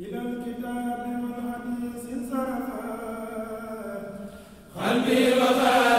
إلى الكتاب والحديث انصرفا قلبي وقلبي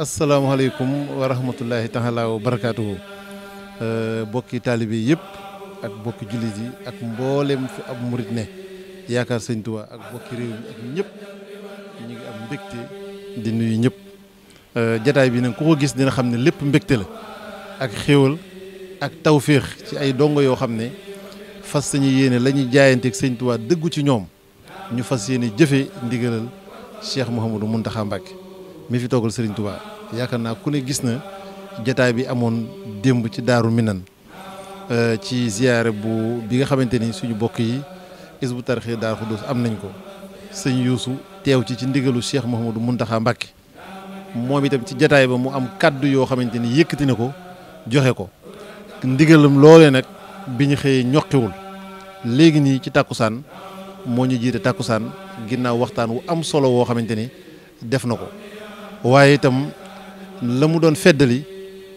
asalaamaaleykum wa rahmatullahi taala wa barakaatuhu euh, bokki taalibe yëpp ak bokki jullit yi ak mboolem fi ab murit ne yaakaar sëñtuwaa ak bokki réew mi ak ñëpp ñu ngi am mbégte di nuyu ñëpp euh, jataay bi nag ku ko gis dina xam ne lépp mbégte la ak xéwal ak tawféex ci ay dongo yoo xam ne fas sañu yéene lañuy ñuy jaayanteeg sëñ dëggu ci ñoom ñu fas yéene jëfe ndigalal Cheikh Mouhamadou Mountakha Mbacké mi fi toogal Serigne Touba yaakaar naa ku ne gis na jataay bi amoon démb ci Daaru Minan euh, ci ziyaare bu bi nga xamante ni suñu bokk yi Hizbut Tarqiyyah Daaru Xudoos am nañ ko sëñ Youssou teew ci ci ndigalu Cheikh Mouhamadou Mountakha Mbacké moom itam ci jataay ba mu am kàddu yoo xamante ni yëkkati na ko joxe ko ndigalam loolee nag bi ñu xëyee ñoqiwul léegi nii ci tàkkusaan moo ñu jiite tàkkusaan ginnaaw waxtaan wu am solo woo xamante ni def na ko waaye itam la mu doon feddali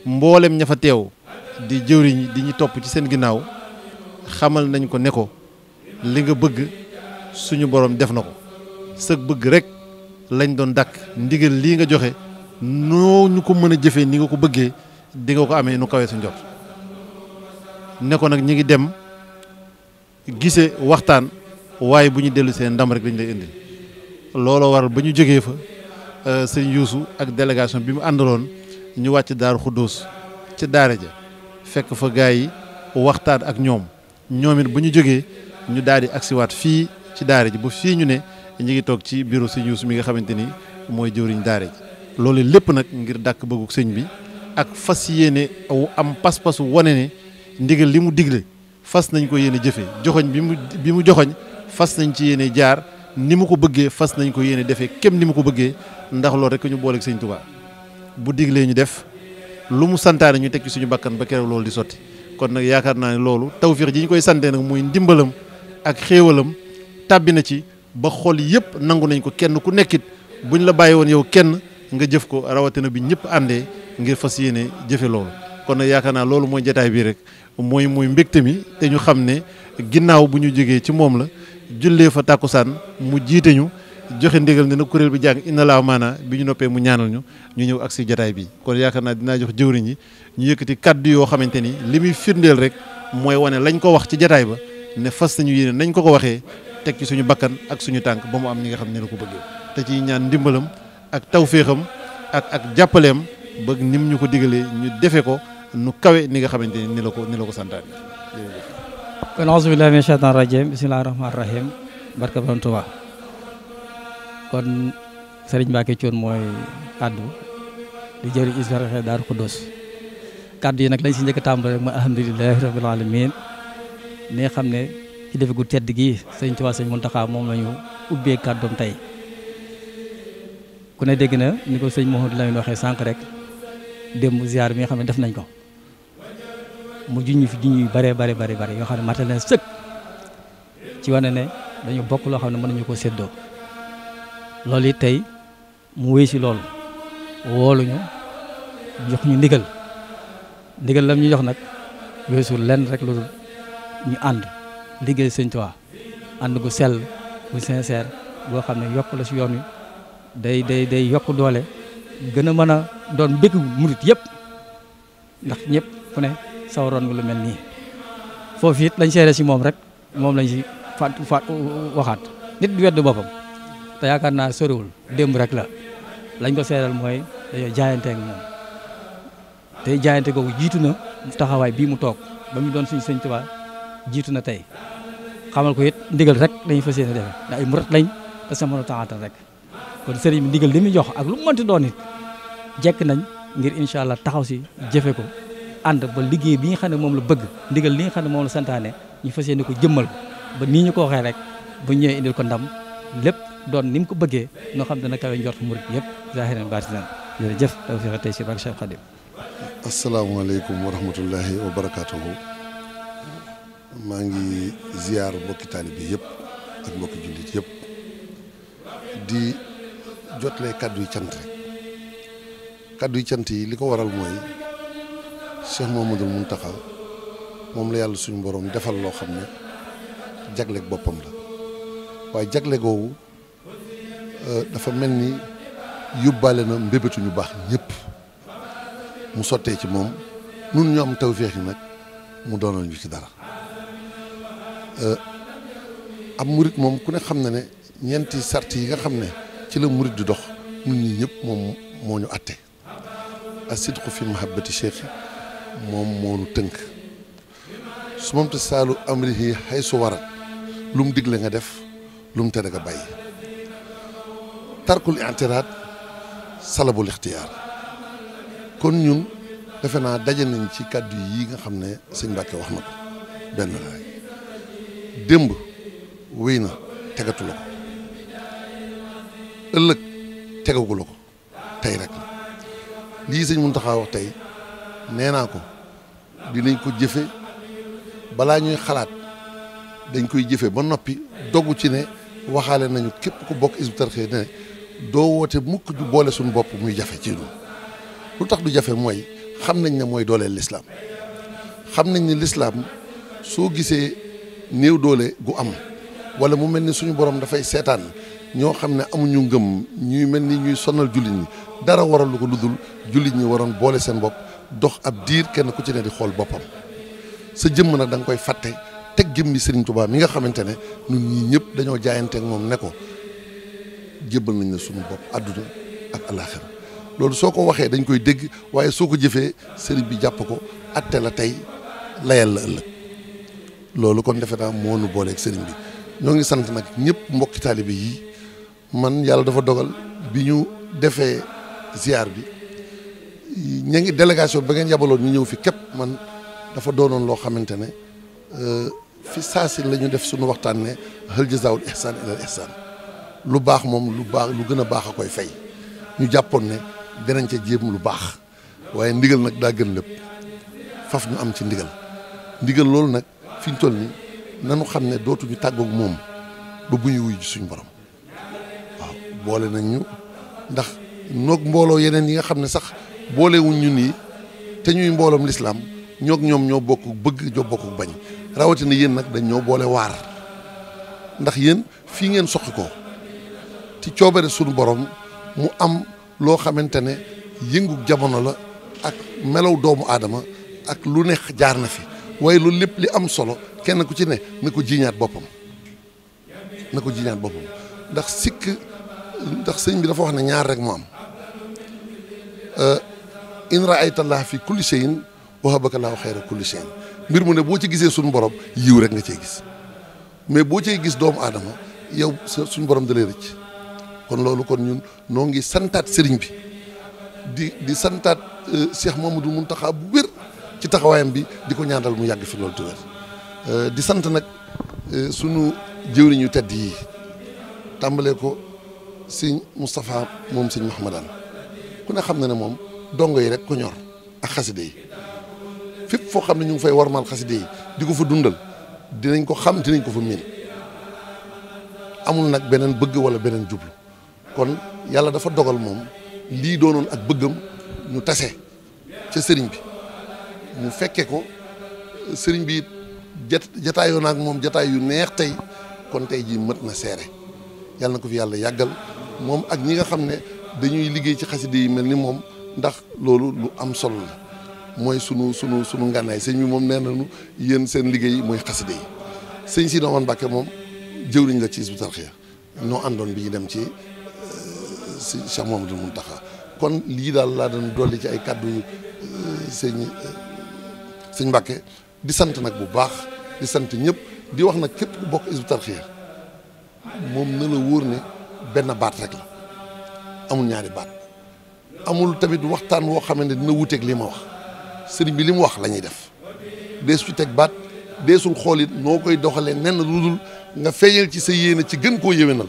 mboolem ña fa teew di jëwriñ di ñu topp ci seen ginnaaw xamal nañ ko ne ko li nga bëgg suñu borom def na ko sëg bëgg rek lañ doon dàkk ndigal lii nga joxe noo ñu ko mën a jëfee ni nga ko bëggee di nga ko amee nu kawee su njot ne ko nag ñu ngi dem gise waxtaan waaye bu ñu dellu seen ndam rek lañ lay indil looloo waral ba ñu jógee fa Euh, sëñ Youssou ak délégation bi mu àndaloon ñu wàcc Daaru Xuddoos ca daare ja fekk fa gaa yi waxtaan ak ñoom ñoom it bu ñu jógee ñu daal di agsiwaat fii ci daare ji ba fii ñu ne ñu ngi toog ci biiru sëñ Youssou mi nga xamante ni mooy jëwriñ daare ji loolu lépp nag ngir dàkk bëggu sëñ bi ak fas yéene aw am pas-pasu wane ne ndigal li mu digle fas nañ ko yéene jëfe joxoñ bi mu bi mu joxoñ fas nañ ci yéene jaar ni mu ko bëggee fas nañ ko yéene defee kem ni mu ko bëggee ndax loolu rek ñu booleeg sëñ Tuubaa bu diglee ñu def lu mu santaane ñu teg ci suñu bakkan ba keroog loolu di sotti kon nag yaakaar naa ne loolu tawféex ji ñu koy santee nag muy ndimbalam ak xéewalam tàbbi na ci ba xol yëpp nangu nañ ko kenn ku nekkit bu ñu la bàyyi woon yow kenn nga jëf ko rawatina bi ñëpp àndee ngir fas yéene jëfe loolu kon nag yaakaar naa loolu mooy jataay bii rek mooy mooy mbégte mi te ñu xam ne ginnaaw bu ñu jógee ci moom la jullee fa tàkkusaan mu jiite ñu joxe ndigal ne na kuréel bi jàng inna laa maana bi ñu noppee mu ñaanal ñu ñu ñëw ak si jataay bi kon yaakaar naa dinaa jox jëwriñ yi ñu yëkkati kàddu yoo xamante ni li muy firndeel rek mooy wane lañ ko wax ci jataay ba ne fas nañu yéene nañ ko ko waxee teg ci suñu bakkan ak suñu tànk ba mu am ni nga xam ne la ko bëggee te ci ñaan ndimbalam ak tawféexam ak ak jàppaleem ba nim ñu ko digalee ñu defe ko nu kawe ni nga xamante ni la ko ni la ko santaane kon auzu billaahi mina shaytaani rajiim bismillaahi rahmaani rahiim barka borom kon sëriñ Mbacke Thion mooy kaddu di jëriñ ISRA Daaru Khoudoss kaddu yi nag dañ si njëkk a tàmbali rek ma alhamdulilah alamin ne xam ne ci defe gu tedd gi sëñ Tuubaa sëñ Muntaxa moom la ñu ubbee kàddoom tey ku ne dégg na ni ko sëñ Mouhamadou Lamine waxee sànq rek démb ziar bi nga xam ne def nañ ko mu junj fi junj yu bare bare bare bare yoo xam ne matal na sëkk ci wane ne dañu bokk loo xam ne ñu ko séddoo loolu it tey mu wéy ci loolu wooluñu jox ñu ndigal ndigal lam ñu jox nag weesu lenn rek lu ñu ànd liggéey sëñ Tuubaa ànd gu sell bu sincère boo xam ne yokk la si yoon wi day day day yokk doole gën a mën a doon bëgg murit yëpp ndax ñëpp ku ne sawaroon nga lu mel nii foofu it lañ seere si moom rek moom lañ si faat faat waxaat nit du wedd boppam te yaakaar naa sorewul démb rek la lañ ko seeral mooy dañoo jaayante ak moom te jaayante googu jiitu na taxawaay bii mu toog ba mu doon suñu sëñ Tuubaa jiitu na tey xamal ko it ndigal rek dañuy fas yéene defe ndax ay murit lañ te sama taxaatal rek kon sëriñ bi ndigal li muy jox ak lu mu mënti jekk nañ ngir incha allah taxaw si jëfe ko ànd ba liggéey bi nga xam ne moom la bëgg ndigal li nga xam ne moom la santaane ñu fas yéene ko jëmmal ba nii ñu ko waxee rek bu ñëwee indil ko ndam lépp doon ni mu ko bëggee noo xam dana kawe njort murit yëpp zahiran baatinan jërëjëf tawfiq si barke Cheikh Khadim asalaamaaleykum wa rahmatullahi maa ngi ziyaar mbokki taalibe bi yëpp ak mbokki jullit yëpp di jotlee kàddu yi cant rek kàddu cant yi li ko waral mooy Cheikh Mouhamadoul Mountakha moom la yàlla suñu borom defal loo xam ne jagleeg boppam la waaye jagle googu dafa mel ni yóbbaale na mbébétu ñu baax ñëpp mu sottee ci moom nun ñu am tawféex yi nag mu doonal ñu ci dara euh, am murit moom ku ne xam na ne ñeenti sart yi nga xam ne ci la murit di dox nun ñi ñëpp moom moo ñu atte asidqu fi mahabbati cheikh moom moo tënk su moom te saalu amrihi xay su waral lu mu digle nga def lu mu tere nga bàyyi tarkul i'tiraad salabul ixtiyaar kon ñun defe naa daje nañ ci kàddu yi nga xam ne sëñ Mbàkke wax na ko benn laay démb wéy na tegatu la ko ëllëg tegagu la ko tey rek la lii sëñ Muntaxa wax tey nee naa ko dinañ ko jëfe balaa ñuy xalaat dañ koy jëfe ba noppi dogu ci ne waxaale nañu képp ku bokk Hizbut Tarqiyyah ne doo woote mukk du boole suñu bopp muy jafe ci ñun lu tax du jafe mooy xam nañ ne mooy dooleel lislaam xam nañ ne lislaam soo gisee néew doole gu am wala mu mel ni suñu borom dafay seetaan ñoo xam ne amuñu ngëm ñuy mel ni ñuy sonal jullit ñi dara waral lu ko lu dul jullit ñi waroon boole seen bopp dox ab diir kenn ku ci ne di xool boppam sa jëmm nag danga koy fàtte teg jëmmi Serigne Touba yi nga xamante ne ñun ñii ñëpp dañoo jaayanteeg moom ne ko. jébbal nañ la suñu bopp àdduna ak alaaxira loolu soo ko waxee dañ koy dégg waaye soo ko jëfee sëriñ bi jàpp ko atte la tey layal la ëllëg loolu kon defe moo nu booleek sëriñ bi ñoo ngi sant nag ñëpp mbokki taalibe yi man yàlla dafa dogal bi ñu defee ziar bi ña ngi délégation ba ngeen yabaloon ñu ñëw fi képp man dafa doonoon loo xamante ne euh, fi saa si la def suñu waxtaan ne hal jazaawul ilal ihsaan lu baax moom lu baax lu gën a baax a koy fay ñu jàppoon ne dinañ ca jéem lu baax waaye ndigal nag daa gën lépp faf ñu am ci ndigal ndigal loolu nag fi ñu toll ni nanu xam ne dootuñu tàggoog moom ba bu wuy ji suñu borom waaw boole nañ ñu ndax noog mbooloo yeneen yi nga xam ne sax boolewuñu nii te ñuy mbooloom lislaam ñoog ñoom ñoo bokk bëgg ñoo bokk bañ rawatina yéen nag dañ ñoo boole waar ndax yéen fii ngeen soqi ko ci coobare sunu borom mu am loo xamante ne yëngu jamono la ak melaw doomu aadama ak lu ne jaar na fi waaye loolu lépp li am solo kenn ku ci ne na ko jiiñaat boppam na ko jiiñaat boppam ndax sikk ndax sëñ bi dafa wax ne ñaar rek mu am euh, in raaytallah fi kulli shay'in wahabaka laahu xayra kulli shay'in mbir mu ne boo ci gisee suñu borom yiw rek nga cee gis mais boo cee gis doomu aadama yow suñu borom da lay rëcc kon loolu kon ñun noo ngi santaat sëriñ bi di di santaat euh, Cheikh Mamadou Mountakha bu bér ci taxawaayam bi di ko ñaanal mu yàgg fi loolu te wér euh, di sant nag euh, sunu jëwriñu tedd yi tàmbalee ko si Moustapha moom sëñ Mahamadan ku ne xam na ne moom dongo yi rek ko ñor ak xaside yi fépp foo xam ne fay war fay warmaal xaside yi di ko fa dundal dinañ ko xam dinañ ko fa miin amul nag beneen bëgg wala beneen jublu kon yàlla dafa dogal moom lii doonoon ak bëggam ñu tase ca sëriñ bi mu fekke ko sëriñ bi jat jataayoo naag moom jataay yu neex tey kon tey jii mët na seere yàlla na ko fi yàlla yàggal moom ak ñi nga xam ne dañuy liggéey ci xaside yi mel ni moom ndax loolu lu am solo la mooy sunu sunu sunu ngànnaay sëñ bi moom nee nañu yéen seen liggéey mooy xaside yi sëñ si dooman Mbàkke moom jëwriñ la ci Hizbut Tarqiyyah noo àndoon bi ñu dem ci si Cheikh Mouhamadou Mountakha kon lii daal laa doon dolli ci ay kàddu yu euh, sëñ euh, Mbàkke di sant nag bu baax di sant ñëpp di wax nag képp ku bokk Hizbut Tarqiyyah moom na la wóor ne benn baat rek la amul ñaari baat amul tamit waxtaan woo xam ne dina wuteeg li ma wax sëriñ bi li mu wax lañuy def deesu ci teg baat deesul xool it noo koy doxalee nen lu dul nga feeñal ci sa yéene ci gën koo yéwénal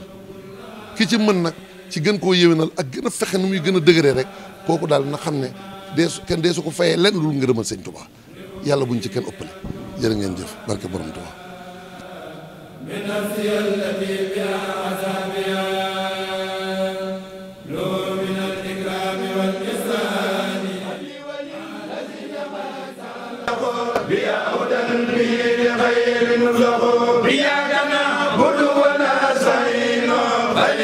ki ci mën nag ci gën koo yéwénal ak gën a fexe nu muy gën a rek kooku daal na xam ne deesu kenn deesu ko fayee lenn lu ngërëmal sëñ Tuubaa yàlla buñ ci kenn ëppale jërë ngeen jëf barke borom Tuubaa خير الغرور بيا كما بدونا زينو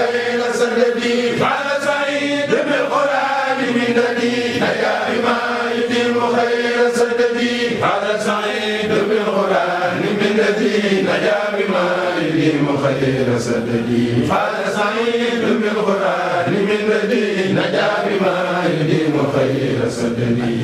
الذي هذا سعيد بالقران من الذي نجا بماله وخير سددي هذا سعيد بالقران من الذي نجا بماله وخير سددي